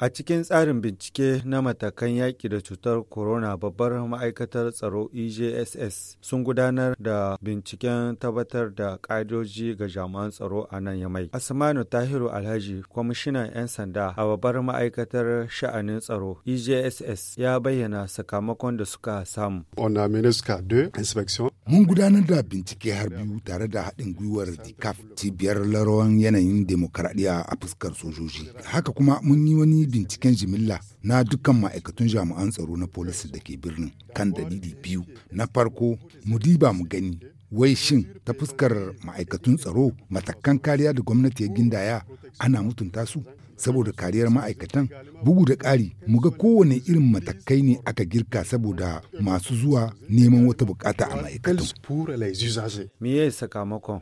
A cikin tsarin bincike na matakan yaƙi da cutar corona babbar ma'aikatar tsaro EJSS sun gudanar da binciken tabbatar da ƙa'idoji ga jami'an tsaro a nan yamai. Asmanu Tahiru Alhaji, kwamishinan 'yan sanda a babbar ma'aikatar sha'anin tsaro EJSS ya bayyana sakamakon da suka samu. On a Mun gudanar da bincike har biyu tare da haɗin gwiwar DICAF cibiyar larawan yanayin demokaradiyya a fuskar sojoji. Haka kuma mun yi wani binciken jimilla na dukkan ma'aikatun jami'an tsaro na polisi da ke birnin kan dalili biyu. Na farko, mu diba mu gani wai shin ta fuskar ma'aikatun tsaro matakan kariya da gwamnati ya gindaya ana mutunta su saboda kariyar ma'aikatan bugu da ƙari muga kowane irin matakai ne aka girka saboda masu zuwa neman wata bukata a ma'aikatan. Me sakamakon?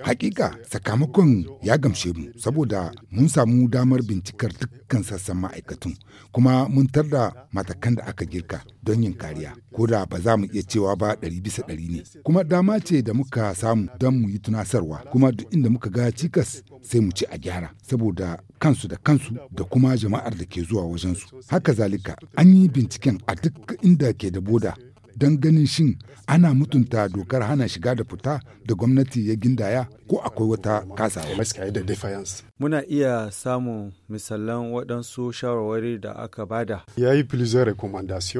Hakika sakamakon ya gamshe mu saboda mun samu damar bincikar dukkan sassan ma'aikatun kuma mun da matakan da aka girka don yin kariya ko da ba za mu iya cewa ba ɗari bisa ɗari ne kuma dama ce da muka samu don mu yi tunasarwa kuma duk inda muka ga cikas sai mu ci a gyara saboda kansu da kansu da kuma jama'ar da ke zuwa wajensu haka zalika an yi binciken a duk inda ke da boda don ganin shin ana mutunta dokar hana shiga da fita da gwamnati ya gindaya ko akwai wata kasawa. Muna iya samun misalan waɗansu shawarwari da aka bada. Ya yi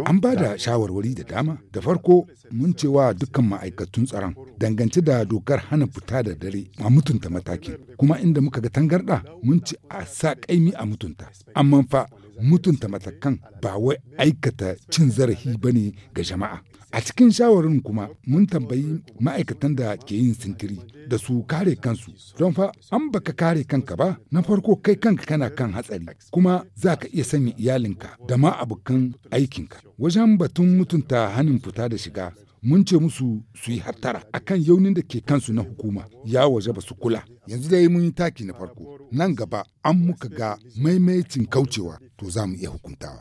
An bada shawarwari da dama. Da farko mun cewa dukkan ma'aikatun tsaron dangance da dokar hana fita da dare a mutunta matakin. Kuma inda muka ga tangarɗa mun ci a sa ƙaimi a mutunta. an fa mutunta matakan ba wai aikata cin zarafi ba ne ga jama'a. A cikin shawarin kuma mun tambayi ma'aikatan da ke yin sintiri da su kare kansu don fa an baka kare kanka ba na farko kai kanka kana kan hatsari kuma za ka iya sanya iyalinka da ma abokan aikinka wajen batun mutunta hannun fita da shiga mun ce musu su yi hattara kan yaunin da ke kansu na hukuma ya waje ba su kula yanzu dai mun yi taki na farko nan gaba an muka ga maimaicin kaucewa to za mu iya hukuntawa.